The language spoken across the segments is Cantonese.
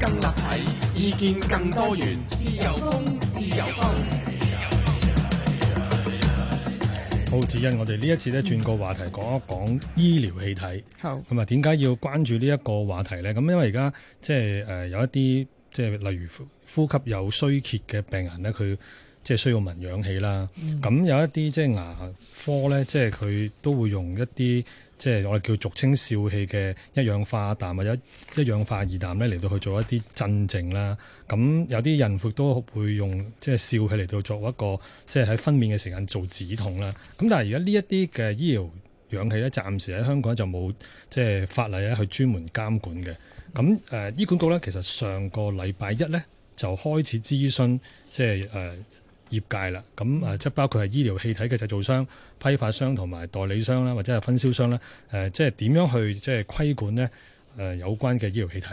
更立體，意見更多元，自由風，自由風，自由風。好，子欣我哋呢一次咧轉個話題，講一講醫療氣體。好、嗯，咁啊，點解要關注呢一個話題咧？咁因為而家即係誒有一啲即係例如呼吸有衰竭嘅病人咧，佢。即、就、係、是、需要聞氧氣啦，咁、嗯、有一啲即係牙科咧，即係佢都會用一啲即係我哋叫俗稱笑氣嘅一氧化氮或者一氧化二氮咧，嚟到去做一啲鎮靜啦。咁有啲孕婦都會用即係笑氣嚟到作一個即係喺分娩嘅時間做止痛啦。咁但係而家呢一啲嘅醫療氧氣咧，暫時喺香港就冇即係法例咧去專門監管嘅。咁誒、呃、醫管局咧，其實上個禮拜一咧就開始諮詢即係誒。就是呃業界啦，咁誒即係包括係醫療氣體嘅製造商、批發商同埋代理商啦，或者係分銷商啦，誒、呃、即係點樣去即係規管呢誒有關嘅醫療氣體。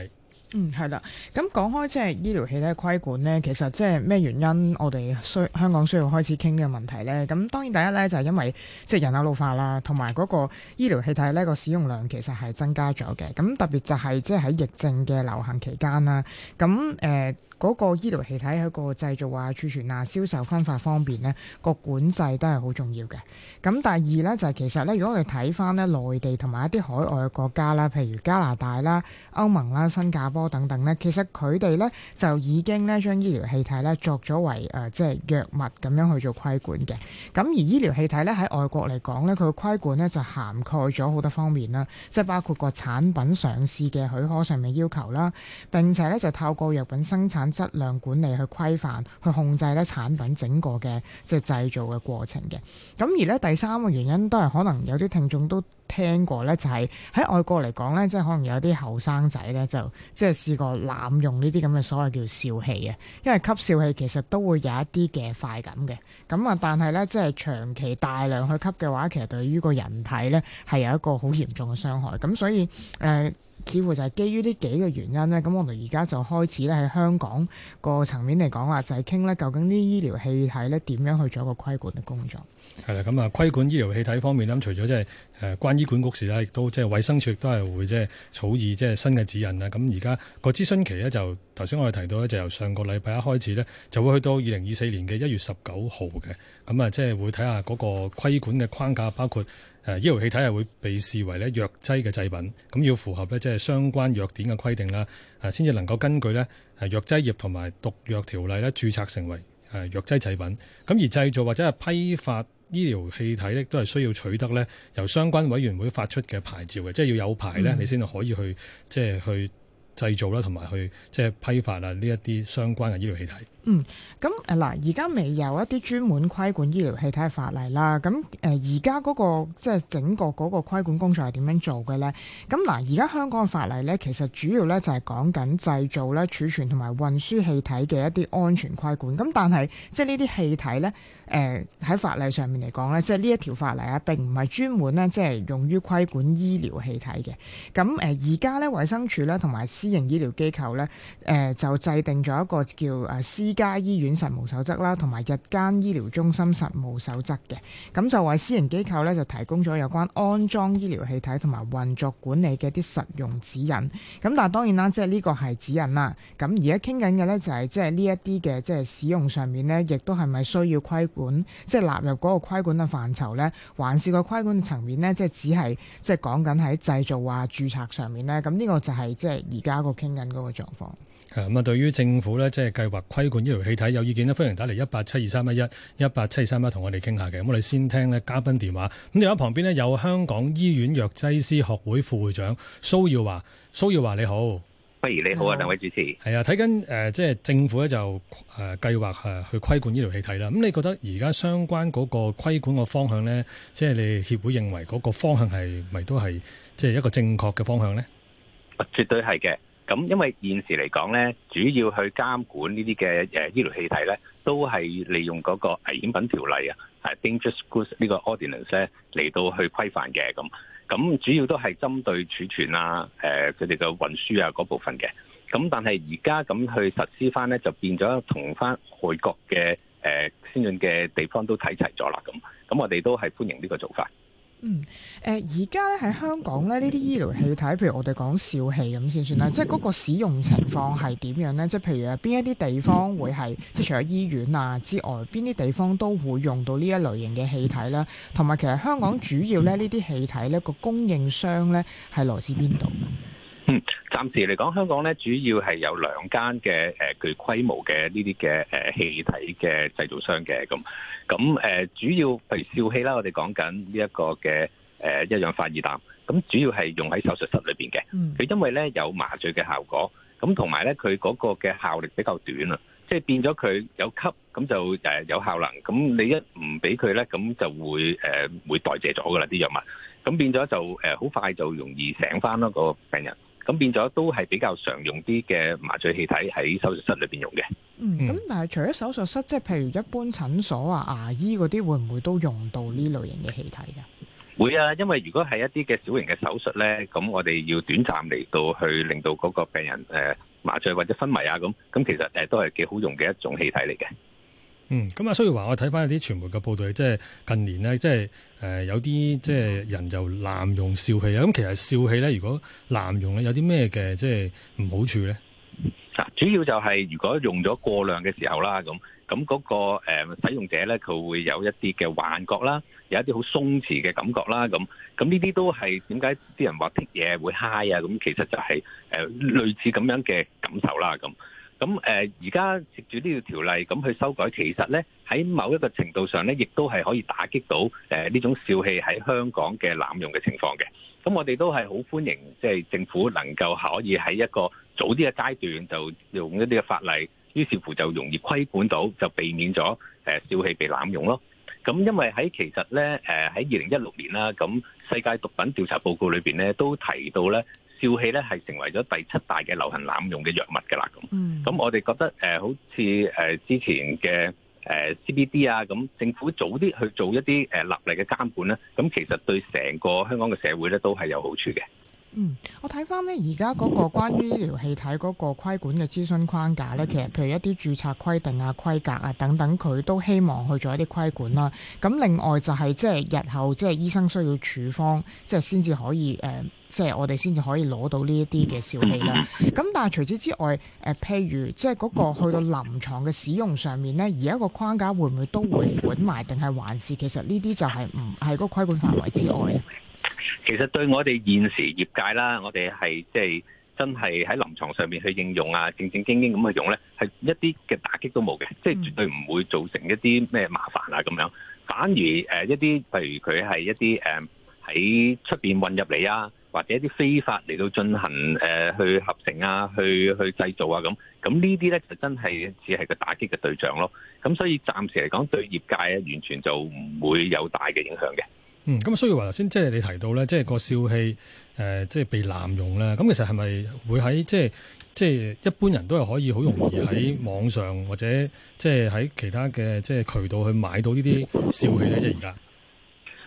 嗯，係啦。咁講開即係醫療氣體嘅規管呢，其實即係咩原因我哋需香港需要開始傾嘅問題呢？咁當然第一呢，就係因為即係人口老化啦，同埋嗰個醫療氣體呢個使用量其實係增加咗嘅。咁特別就係即係喺疫症嘅流行期間啦。咁誒。呃嗰、那個醫療氣體喺個製造啊、儲存啊、銷售分發方面呢個管制都係好重要嘅。咁第二呢，就係、是、其實呢，如果我哋睇返呢內地同埋一啲海外國家啦，譬如加拿大啦、歐盟啦、新加坡等等呢，其實佢哋呢就已經呢將醫療氣體呢作咗為誒即係藥物咁樣去做規管嘅。咁而醫療氣體呢，喺外國嚟講呢，佢嘅規管呢就涵蓋咗好多方面啦，即、就、係、是、包括個產品上市嘅許可上面要求啦，並且呢就透過藥品生產。質量管理去規範、去控制咧產品整個嘅即係製造嘅過程嘅。咁而咧第三個原因都係可能有啲聽眾都聽過咧，就係喺外國嚟講咧，即係可能有啲後生仔咧就即係試過濫用呢啲咁嘅所謂叫笑氣啊。因為吸笑氣其實都會有一啲嘅快感嘅。咁啊，但係咧即係長期大量去吸嘅話，其實對於個人體咧係有一個好嚴重嘅傷害。咁所以誒。呃似乎就係基於呢幾個原因呢。咁我哋而家就開始咧喺香港個層面嚟講啦，就係傾咧究竟啲醫療氣體咧點樣去做一個規管嘅工作？係啦，咁啊規管醫療氣體方面咧，除咗即係誒關醫管局事咧，生亦都即係衛生署亦都係會即係草擬即係新嘅指引咧。咁而家個諮詢期呢，就頭先我哋提到呢，就由上個禮拜一開始呢，就會去到二零二四年嘅一月十九號嘅。咁啊，即係會睇下嗰個規管嘅框架，包括，誒醫療氣體係會被視為咧藥劑嘅製品，咁要符合咧即係相關藥典嘅規定啦，誒先至能夠根據咧誒藥劑業同埋毒藥條例咧註冊成為誒藥劑製品。咁而製造或者係批發醫療氣體咧，都係需要取得咧由相關委員會發出嘅牌照嘅。嗯，即係要有牌咧，你先至可以去即係去製造啦，同埋去即係批發啊呢一啲相關嘅醫療氣體。嗯，咁誒嗱，而家未有一啲專門規管醫療氣體嘅法例啦。咁誒，而家嗰個即係、就是、整個嗰個規管工作係點樣做嘅咧？咁嗱，而家香港嘅法例咧，其實主要咧就係講緊製造咧、儲存同埋運輸氣體嘅一啲安全規管。咁但係即係呢啲氣體咧，誒、呃、喺法例上面嚟講咧，即係呢一條法例啊，並唔係專門咧即係用於規管醫療氣體嘅。咁誒，而家咧，衛生署咧同埋私營醫療機構咧，誒、呃、就制定咗一個叫誒私家醫院實務守則啦，同埋日間醫療中心實務守則嘅，咁就為私人機構咧就提供咗有關安裝醫療氣體同埋運作管理嘅啲實用指引。咁但係當然啦，即係呢個係指引啦。咁而家傾緊嘅呢，就係即係呢一啲嘅即係使用上面呢，亦都係咪需要規管，即係納入嗰個規管嘅範疇呢？還是個規管嘅層面呢？即係只係即係講緊喺製造呀、註冊上面呢？咁呢個就係即係而家個傾緊嗰個狀況。係咁啊，對於政府呢，即係計劃規管。醫療氣體有意見咧，歡迎打嚟一八七二三一一一八七二三一，同我哋傾下嘅。咁我哋先聽咧嘉賓電話。咁電話旁邊呢，有香港醫院藥劑師學會副會長蘇曜華。蘇曜華你好，不如你好，哦，啊，兩位主持。係，呃，啊，睇緊誒，即係政府咧就誒、呃、計劃去去規管醫療氣體啦。咁你覺得而家相關嗰個規管嘅方向呢？即係你協會認為嗰個方向係咪都係即係一個正確嘅方向呢？絕對係嘅。咁因為現時嚟講咧，主要去監管呢啲嘅誒醫療氣體咧，都係利用嗰個危險品條例啊，係 dangerous goods 呢個 ordinance 嚟到去規範嘅。咁咁主要都係針對儲存啊、誒佢哋嘅運輸啊嗰部分嘅。咁但係而家咁去實施翻咧，就變咗同翻外國嘅誒、呃、先進嘅地方都睇齊咗啦。咁咁我哋都係歡迎呢個做法。嗯，誒，而家咧喺香港咧，呢啲醫療氣體，譬如我哋講笑氣咁先算啦，即係嗰個使用情況係點樣呢？即係譬如啊，邊一啲地方會係即係除咗醫院啊之外，邊啲地方都會用到呢一類型嘅氣體啦。同埋，其實香港主要咧呢啲氣體呢個供應商呢係來自邊度？嗯，暫時嚟講，香港咧主要係有兩間嘅誒，具規模嘅呢啲嘅誒氣體嘅製造商嘅咁，咁誒主要譬如笑氣啦，我哋講緊呢一個嘅誒一氧化二氮，咁主要係用喺手術室裏邊嘅。嗯，佢因為咧有麻醉嘅效果，咁同埋咧佢嗰個嘅效力比較短啊，即係變咗佢有吸咁就誒有效能，咁你一唔俾佢咧，咁就會誒會代謝咗㗎喇啲藥物，咁變咗就誒好快就容易醒返咯個病人。咁變咗都係比較常用啲嘅麻醉氣體喺手術室裏邊用嘅。嗯，咁但係除咗手術室，即係譬如一般診所啊、牙醫嗰啲，會唔會都用到呢類型嘅氣體㗎？會啊，因為如果係一啲嘅小型嘅手術咧，咁我哋要短暫嚟到去令到嗰個病人誒麻醉或者昏迷啊，咁咁其實誒都係幾好用嘅一種氣體嚟嘅。嗯，咁啊，所以話我睇翻啲傳媒嘅報道，即係近年咧，即係誒有啲即係人就濫用笑氣啊。咁其實笑氣咧，如果濫用咧，有啲咩嘅即係唔好處咧？嗱，主要就係如果用咗過量嘅時候啦，咁咁嗰個誒使用者咧，佢會有一啲嘅幻覺啦，有一啲好鬆弛嘅感覺啦，咁咁呢啲都係點解啲人話啲嘢會 high 啊？咁其實就係誒類似咁樣嘅感受啦，咁。咁誒，而家藉住呢條條例咁去修改，其實咧喺某一個程度上咧，亦都係可以打擊到誒呢種笑氣喺香港嘅濫用嘅情況嘅。咁我哋都係好歡迎，即係政府能夠可以喺一個早啲嘅階段就用一啲嘅法例，於是乎就容易規管到，就避免咗誒笑氣被濫用咯。咁因為喺其實咧誒喺二零一六年啦，咁世界毒品調查報告裏邊咧都提到咧。笑氣咧係成為咗第七大嘅流行濫用嘅藥物㗎喇，咁、mm. 咁我哋覺得誒好似誒之前嘅誒 CBD 啊咁，政府早啲去做一啲誒立例嘅監管咧，咁其實對成個香港嘅社會咧都係有好處嘅。嗯，我睇翻咧，而家嗰個關於醫療氣體嗰個規管嘅諮詢框架咧，其實譬如一啲註冊規定啊、規格啊等等，佢都希望去做一啲規管啦。咁另外就係、是、即係日後即係醫生需要處方，即係先至可以誒、呃，即係我哋先至可以攞到呢一啲嘅小器啦。咁但係除此之外，誒、呃、譬如即係嗰個去到臨床嘅使用上面咧，而家個框架會唔會都會管埋，定係還是其實呢啲就係唔係嗰個規管範圍之外啊？其實對我哋現時業界啦，我哋係即係真係喺臨床上面去應用啊，正正經經咁去用咧，係一啲嘅打擊都冇嘅，即係絕對唔會造成一啲咩麻煩啊咁樣。反而誒一啲，譬如佢係一啲誒喺出邊運入嚟啊，或者一啲非法嚟到進行誒去合成啊，去去製造啊咁。咁呢啲咧就真係只係個打擊嘅對象咯。咁所以暫時嚟講，對業界咧完全就唔會有大嘅影響嘅。嗯，咁所以話頭先即係你提到咧，即係個笑氣誒，即係被濫用咧。咁其實係咪會喺即係即係一般人都係可以好容易喺網上或者即係喺其他嘅即係渠道去買到呢啲笑氣咧？即係而家，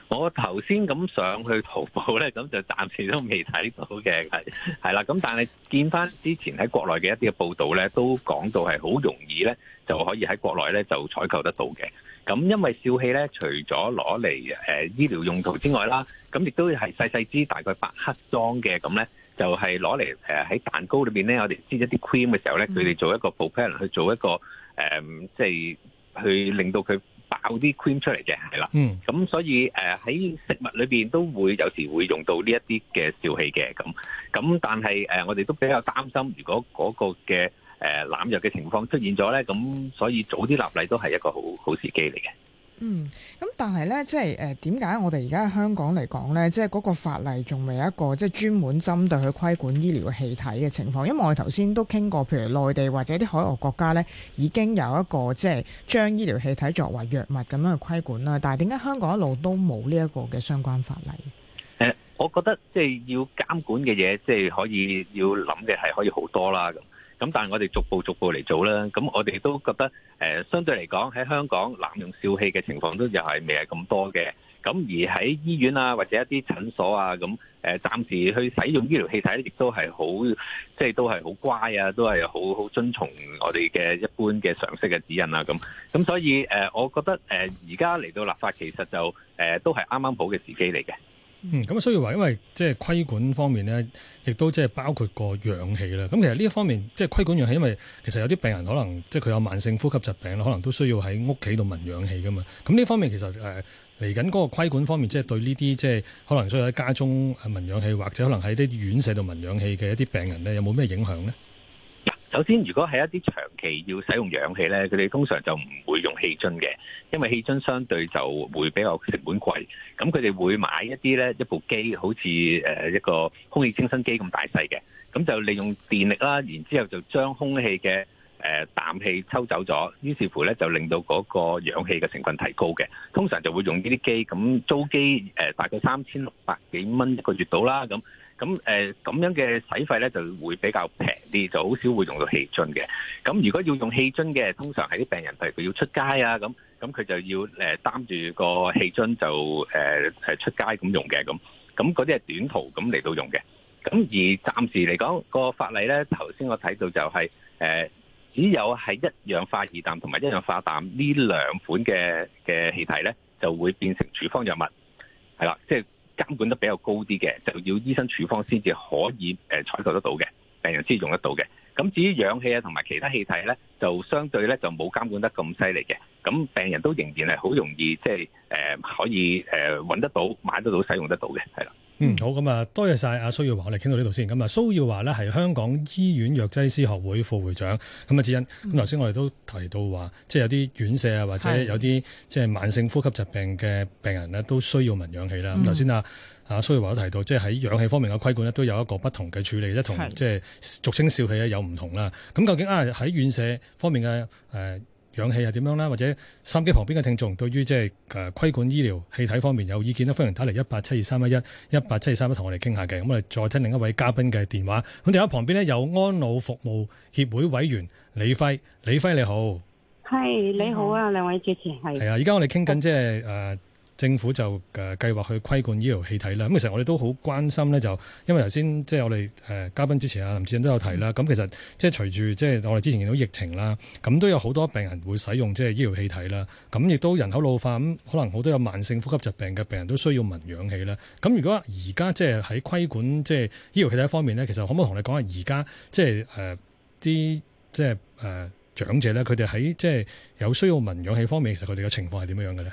我頭先咁上去淘寶咧，咁就暫時都未睇到嘅，係係啦。咁但係見翻之前喺國內嘅一啲嘅報道咧，都講到係好容易咧，就可以喺國內咧就採購得到嘅。咁因為笑氣咧，除咗攞嚟誒醫療用途之外啦，咁亦都係細細支，大概八克裝嘅咁咧，就係攞嚟誒喺蛋糕裏邊咧，我哋擠一啲 cream 嘅時候咧，佢哋做一個 propellant 去做一個誒，即係去令到佢爆啲 cream 出嚟嘅，係啦。嗯。咁所以誒喺食物裏邊都會有時會用到呢一啲嘅笑氣嘅咁，咁但係誒我哋都比較擔心，如果嗰個嘅。誒，濫用嘅情況出現咗呢，咁所以早啲立例都係一個好好時機嚟嘅。嗯，咁但係呢，即係點解我哋而家喺香港嚟講呢？即係嗰個法例仲未有一個，即係專門針對去規管醫療氣體嘅情況？因為我哋頭先都傾過，譬如內地或者啲海外國家呢，已經有一個即係將醫療氣體作為藥物咁樣去規管啦。但係點解香港一路都冇呢一個嘅相關法例？嗯，我覺得即係要監管嘅嘢，即係可以要諗嘅係可以好多啦。咁但係我哋逐步逐步嚟做啦，咁我哋都覺得誒相對嚟講喺香港濫用笑氣嘅情況都又係未係咁多嘅，咁而喺醫院啊或者一啲診所啊咁誒暫時去使用醫療氣體咧，亦都係好即係都係好乖啊，都係好好遵從我哋嘅一般嘅常識嘅指引啊咁，咁所以誒我覺得誒而家嚟到立法其實就誒都係啱啱好嘅時機嚟嘅。嗯，咁啊，所以話因為即係規管方面咧，亦都即係包括個氧氣啦。咁其實呢一方面，即係規管氧氣，因為其實有啲病人可能即係佢有慢性呼吸疾病啦，可能都需要喺屋企度聞氧氣噶嘛。咁呢方面其實誒嚟緊嗰個規管方面，即係對呢啲即係可能需要喺家中誒聞氧氣，或者可能喺啲院舍度聞氧氣嘅一啲病人咧，有冇咩影響咧？首先，如果係一啲長期要使用氧氣呢，佢哋通常就唔會用氣樽嘅，因為氣樽相對就會比較成本貴。咁佢哋會買一啲呢一部機，好似誒一個空氣清新機咁大細嘅，咁就利用電力啦，然之後就將空氣嘅誒氮氣抽走咗，於是乎呢就令到嗰個氧氣嘅成分提高嘅。通常就會用呢啲機，咁租機誒大概三千六百幾蚊一個月到啦，咁。咁誒咁樣嘅使費咧就會比較平啲，就好少會用到氣樽嘅。咁如果要用氣樽嘅，通常係啲病人，譬如佢要出街啊，咁咁佢就要誒擔住個氣樽就誒係出街咁用嘅。咁咁嗰啲係短途咁嚟到用嘅。咁而暫時嚟講個法例咧，頭先我睇到就係誒只有係一氧化二氮同埋一氧化氮呢兩款嘅嘅氣體咧，就會變成處方藥物，係啦，即係。監管得比較高啲嘅，就要醫生處方先至可以誒採購得到嘅，病人先用得到嘅。咁至於氧氣啊，同埋其他氣體呢，就相對呢就冇監管得咁犀利嘅。咁病人都仍然係好容易即係誒可以誒揾得到、買得到、使用得到嘅，係啦。嗯，好，咁啊，多謝晒阿蘇耀華，我哋傾到呢度先。咁啊，蘇耀華呢係香港醫院藥劑師學會副會長。咁啊，智欣，咁頭先我哋都提到話，嗯，即係有啲院舍啊，或者有啲即係慢性呼吸疾病嘅病人呢都需要聞氧氣啦。咁頭先啊，阿蘇耀華都提到，即係喺氧氣方面嘅規管呢都有一個不同嘅處理，咧，同即係俗稱笑氣咧有唔同啦。咁究竟啊，喺院舍方面嘅誒？呃氧氣係點樣啦？或者收音機旁邊嘅聽眾，對於即係誒規管醫療氣體方面有意見咧，歡迎打嚟，一八七二三一一一八七二三一，同我哋傾下嘅。咁我哋再聽另一位嘉賓嘅電話。咁電話旁邊呢，有安老服務協會委員李輝，李輝你好，係你好啊，兩、嗯、位主持係。係啊，而家我哋傾緊即係誒。呃政府就誒計劃去規管醫療氣體啦。咁其實我哋都好關心咧，就因為頭先即係我哋嘉賓主持啊林志恩都有提啦。咁、嗯、其實即係隨住即係我哋之前見到疫情啦，咁都有好多病人會使用即係醫療氣體啦。咁亦都人口老化，咁可能好多有慢性呼吸疾病嘅病人都需要聞氧氣啦。咁如果而家即係喺規管即係醫療氣體方面咧，其實可唔可以同你講下而家即係誒啲即係誒長者咧，佢哋喺即係有需要聞氧氣方面，其實佢哋嘅情況係點樣嘅咧？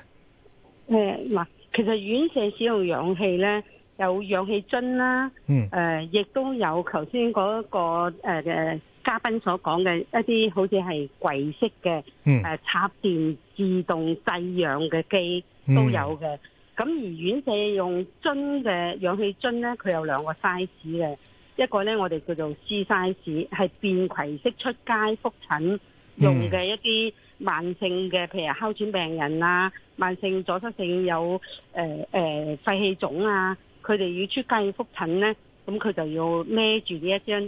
誒，唔係，其實院舍使用氧氣咧，有氧氣樽啦，誒、嗯，亦都有頭先嗰個誒誒、呃、嘉賓所講嘅一啲好似係櫃式嘅，誒、嗯、插電自動製氧嘅機都有嘅。咁、嗯、而院舍用樽嘅氧氣樽咧，佢有兩個 size 嘅，一個咧我哋叫做 C size，係便携式出街複診用嘅一啲。慢性嘅，譬如哮喘病人啊，慢性阻塞性有誒誒肺氣腫啊，佢哋要出街去復診咧，咁佢就要孭住呢一張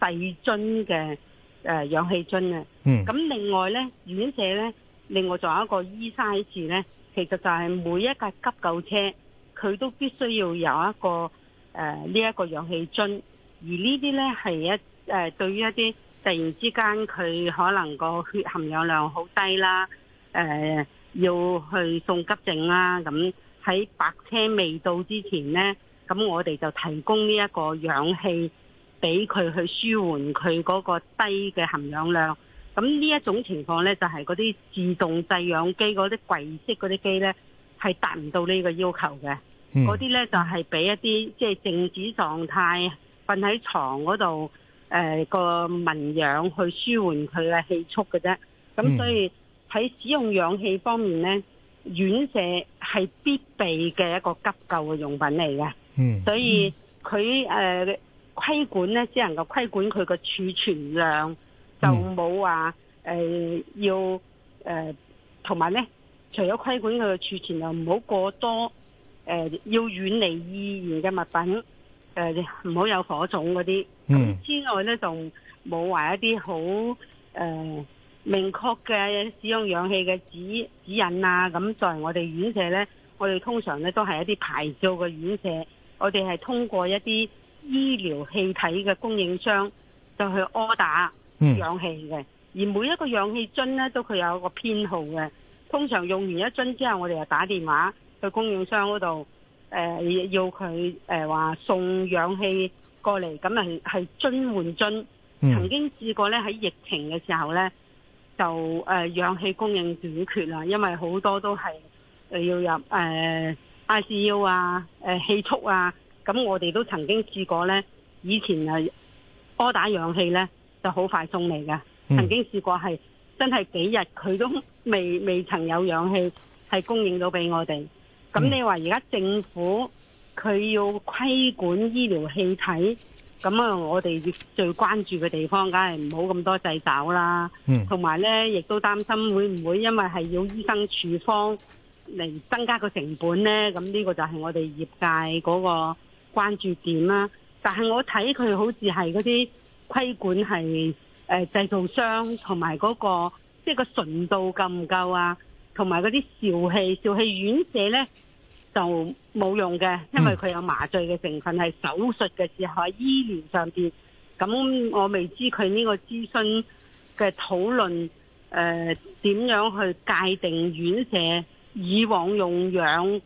細樽嘅誒氧氣樽啊。嗯。咁另外咧，院舍咧，另外仲有一個 E size 咧，其實就係每一架急救車，佢都必須要有一個誒呢一個氧氣樽，而呢啲咧係一誒、呃、對於一啲。突然之間，佢可能個血含氧量好低啦，誒、呃、要去送急症啦。咁喺白車未到之前呢，咁我哋就提供呢一個氧氣俾佢去舒緩佢嗰個低嘅含氧量。咁呢一種情況呢，就係嗰啲自動製氧機嗰啲櫃式嗰啲機呢，係達唔到呢個要求嘅。嗰啲呢，就係、係、俾一啲即係靜止狀態，瞓喺床嗰度。誒、呃，個聞氧去舒緩佢嘅氣促嘅啫，咁所以喺使用氧氣方面咧、嗯，院舍係必備嘅一個急救嘅用品嚟嘅、嗯，所以佢誒規管咧只能夠規管佢嘅儲存量，就冇話誒要誒，同埋咧除咗規管佢嘅儲存量，唔好過多，誒、呃、要遠離易燃嘅物品。誒、呃，唔好有火種嗰啲。嗯。之外呢，仲冇話一啲好誒明確嘅使用氧氣嘅指指引啊。咁作為我哋院舍呢，我哋通常呢都係一啲牌照嘅院舍，我哋係通過一啲醫療氣體嘅供應商就去柯打氧氣嘅、嗯。而每一個氧氣樽呢，都佢有一個編號嘅。通常用完一樽之後，我哋就打電話去供應商嗰度。誒、呃，要佢誒話送氧氣過嚟，咁啊係，係樽換樽。曾經試過咧，喺疫情嘅時候咧，就誒、呃、氧氣供應短缺啦，因為好多都係誒要入誒、呃、ICU 啊，誒、呃、氣促啊。咁我哋都曾經試過咧，以前啊波打氧氣咧就好快送嚟嘅。曾經試過係真係幾日佢都未未曾有氧氣係供應到俾我哋。咁你話而家政府佢要規管醫療氣體，咁啊，我哋最關注嘅地方，梗係唔好咁多掣肘啦。嗯，同埋咧，亦都擔心會唔會因為係要醫生處方嚟，增加個成本咧？咁呢個就係我哋業界嗰個關注點啦。但係我睇佢好似係嗰啲規管係誒、呃、製造商同埋嗰個即係、就是、個純度夠唔夠啊？同埋嗰啲笑氣、笑氣院舍咧。就冇用嘅，因為佢有麻醉嘅成分，係手術嘅時候，喺醫療上邊。咁我未知佢呢個諮詢嘅討論，誒、呃、點樣去界定院舍以往用氧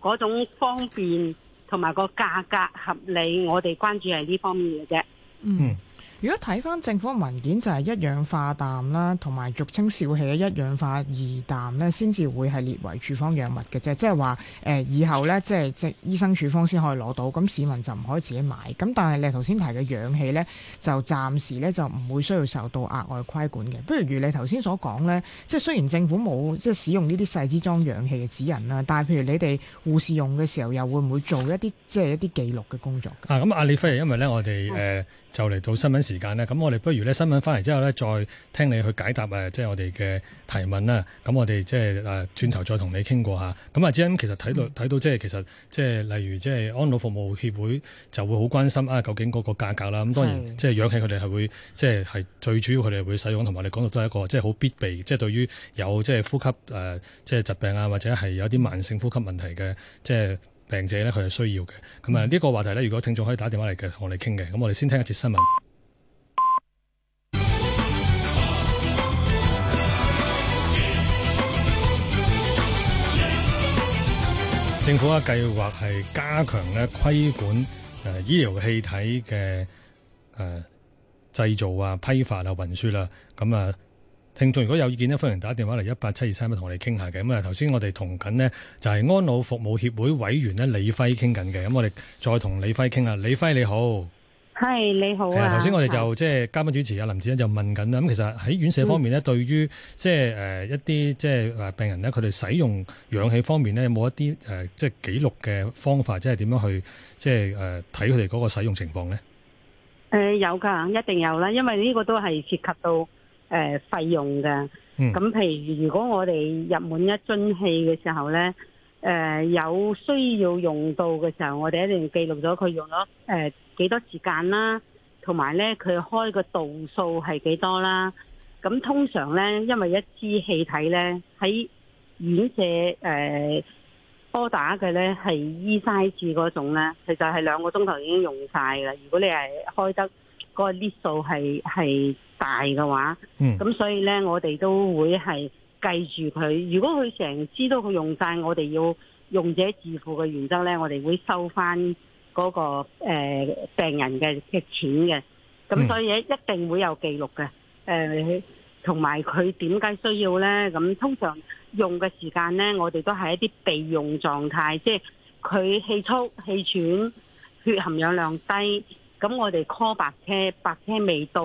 嗰種方便同埋個價格合理，我哋關注係呢方面嘅啫。嗯。如果睇翻政府嘅文件，就係一氧化氮啦，同埋俗稱笑氣嘅一氧化二氮呢，先至會係列為處方藥物嘅啫。即係話誒，以後呢，即係即醫生處方先可以攞到，咁市民就唔可以自己買。咁但係你頭先提嘅氧氣呢，就暫時呢，就唔會需要受到額外規管嘅。不如如你頭先所講呢，即係雖然政府冇即係使用呢啲細支裝氧氣嘅指引啦，但係譬如你哋護士用嘅時候，又會唔會做一啲即係一啲記錄嘅工作？啊，咁阿李輝，因為呢，我哋誒就嚟到新聞時時間咧，咁我哋不如咧新聞翻嚟之後咧，再聽你去解答即係我哋嘅提問啦。咁我哋即係誒轉頭再同你傾過下。咁啊，只因其實睇到睇到，即係，嗯，其實即係例如即係安老服務協會就會好關心啊。究竟嗰個價格啦，咁當然即係氧氣佢哋係會即係係最主要，佢哋會使用同埋你講到都係一個即係好必備，即係對於有即係呼吸即係疾病啊，或者係有啲慢性呼吸問題嘅即係病者咧，佢係需要嘅。咁啊，呢個話題咧，如果聽眾可以打電話嚟嘅，同我哋傾嘅。咁我哋先聽一節新聞。政府啊，計劃係加強咧規管誒醫療氣體嘅誒製造啊、批發啊、運輸啦。咁啊，聽眾如果有意見咧，歡迎打電話嚟一八七二三一，同、嗯、我哋傾下嘅。咁啊，頭先我哋同緊呢就係、是、安老服務協會委員咧李輝傾緊嘅。咁、嗯、我哋再同李輝傾下。李輝你好。係你好啊！頭先我哋就即係嘉賓主持阿林志咧就問緊啦，咁其實喺院舍方面咧，對於即係誒一啲即係誒病人咧，佢哋使用氧氣方面咧，有冇一啲誒即係記錄嘅方法，即係點樣去即係誒睇佢哋嗰個使用情況咧？誒、呃、有噶，一定有啦，因為呢個都係涉及到誒費、呃、用噶。咁、嗯、譬如如果我哋入滿一樽氣嘅時候咧，誒、呃、有需要用到嘅時候，我哋一定記錄咗佢用咗誒。呃幾多時間啦，同埋咧佢開個度數係幾多啦？咁通常咧，因為一支氣體咧喺遠射誒波打嘅咧係 E size 嗰種咧，其實係兩個鐘頭已經用晒噶啦。如果你係開得個 lift 數係係大嘅話，咁、嗯、所以咧我哋都會係計住佢。如果佢成支都用晒，我哋要用者自付嘅原則咧，我哋會收翻。嗰個，呃，病人嘅嘅錢嘅，咁所以一定會有記錄嘅。呃，同埋佢點解需要呢？咁通常用嘅時間呢，我哋都係一啲備用狀態，即係佢氣粗、氣喘、血含氧量低，咁我哋 call 白車，白車未到，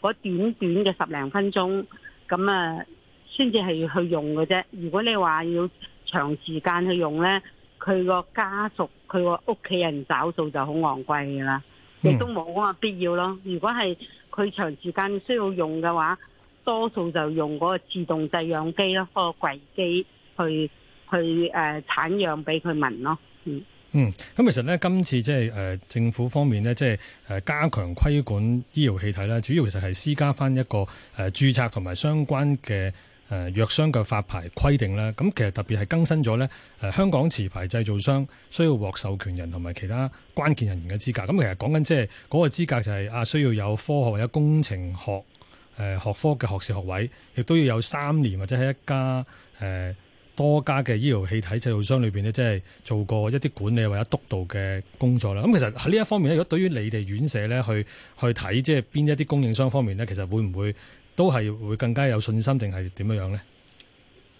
嗰短短嘅十零分鐘，咁啊，先至係去用嘅啫。如果你話要長時間去用呢？佢個家屬，佢個屋企人找數就好昂貴㗎喇，亦都冇咁嘅必要咯。如果係佢長時間需要用嘅話，多數就用嗰個自動製氧機咯，嗰、那個櫃機去去誒、呃、產氧俾佢聞咯。嗯嗯，咁其實咧，今次即係誒政府方面咧，即係誒加強規管醫療氣體啦，主要其實係施加返一個誒、呃、註冊同埋相關嘅。誒、呃、藥商嘅發牌規定啦，咁其實特別係更新咗咧、呃。香港持牌製造商需要獲授權人同埋其他關鍵人員嘅資格。咁其實講緊即係嗰個資格就係、是、啊，需要有科學或者工程學誒、呃、學科嘅學士學位，亦都要有三年或者喺一家誒、呃、多家嘅醫療氣體製造商裏面呢，呢即係做過一啲管理或者督導嘅工作啦。咁其實喺呢一方面咧，如果對於你哋院舍咧去去睇，即係邊一啲供應商方面咧，其實會唔會？都係會更加有信心定係點樣呢？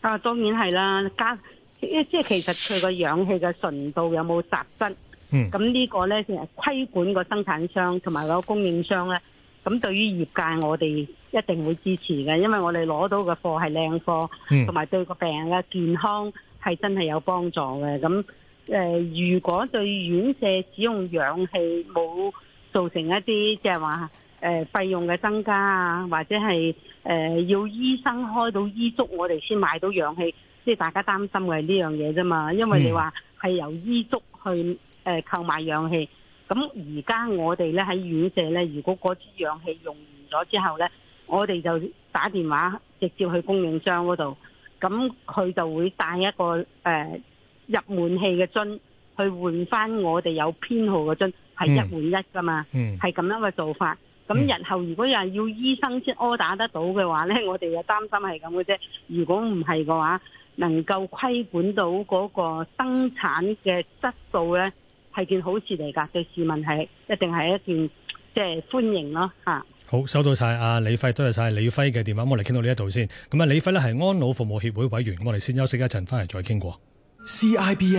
啊，當然係啦。加即係其實佢個氧氣嘅純度有冇雜質？嗯。咁呢個呢，淨係規管個生產商同埋個供應商呢。咁對於業界，我哋一定會支持嘅，因為我哋攞到嘅貨係靚貨，同、嗯、埋對個病人嘅健康係真係有幫助嘅。咁誒、呃，如果對院舍使用氧氣冇造成一啲即係話。就是誒、呃，費用嘅增加啊，或者係誒、呃、要醫生開到醫囑，我哋先買到氧氣，即係大家擔心嘅係呢樣嘢啫嘛。因為你話係由醫囑去誒購、呃、買氧氣，咁而家我哋咧喺院舍咧，如果嗰支氧氣用完咗之後咧，我哋就打電話直接去供應商嗰度，咁佢就會帶一個誒、呃、入滿氣嘅樽去換翻我哋有編號嘅樽，係一換一噶嘛，係、嗯、咁樣嘅做法。咁、嗯、日後如果又係要醫生先柯打得到嘅話咧，我哋又擔心係咁嘅啫。如果唔係嘅話，能夠規管到嗰個生產嘅質素咧，係件好事嚟噶。對市民係一定係一件即係、就是、歡迎咯吓。好，收到晒阿李輝多謝晒李輝嘅電話，我哋傾到呢一度先。咁啊，李輝咧係安老服務協會委員，我哋先休息一陣翻嚟再傾過。C I B